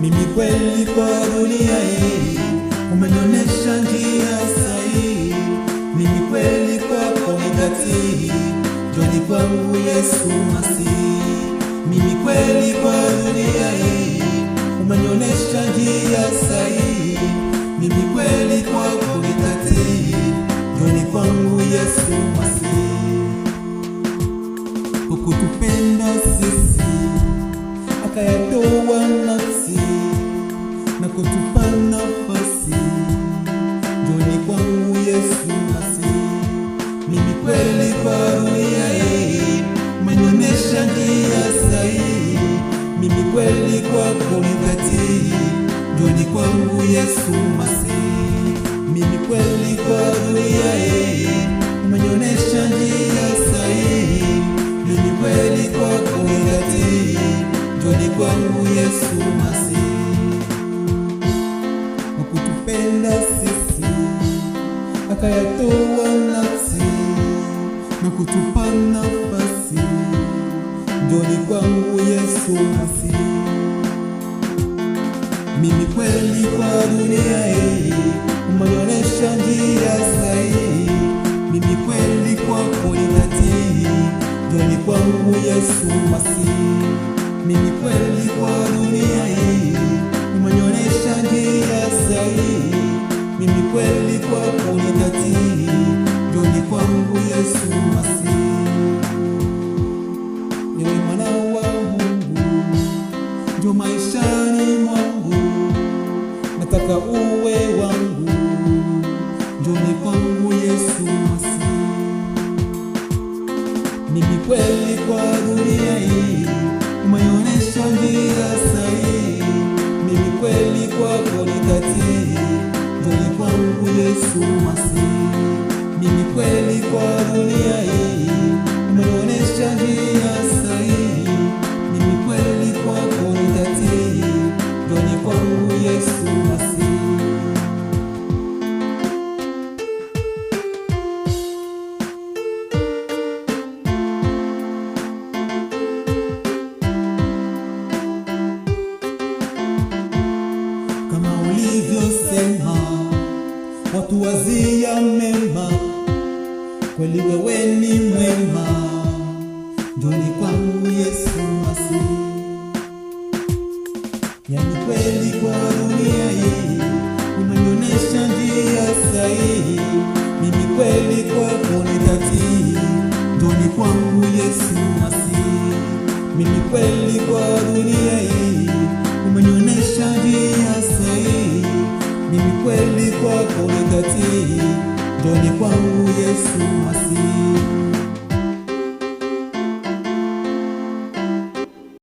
mimi kweli kwa dunia hii umenionyesha njia sahihi, mimi kweli kwako ni dhati, njoni kwangu Yesu Masihi, mimi kweli kwa dunia hii umenionyesha njia sahihi, mimi kweli kwako ni dhati, njoni kwangu Yesu Masihi, ukutupenda sisi akayatoa nafsi kutupa nafasi njoni kwangu Yesu basi, mimi kweli kwa dunia hii umenionyesha njia sahihi, mimi kweli kwako ni njoni joni kwangu Yesu basi, mimi kweli kwa dunia hii umenionyesha njia sahihi, mimi kweli kwako ni njoni joni kwangu Yesu basi akatupenda sisi, akayatoa nafsi na kutupa nafasi. Njoni kwangu Yesu masi mimi kweli kwa dunia hii umenionyesha njia sahihi. Mimi kweli kwako ninatii, njoni kwangu Yesu masi mimi kweli kwa dunia hii njo maishani mwangu, nataka uwe wangu, njoni kwangu Yesu masi Mimi kweli kwa dunia hii umeonyesha njia sahihi, mimi kweli kwako ni dhati, njoni kwangu Yesu masi Watuwazia mema, kweli wewe ni mwema, njoni kwangu kwangu Yesu masi mimi kweli kwa dunia hii, umenionesha njia sahihi, mimi kweli kwako nakatii, njoni kwangu Yesu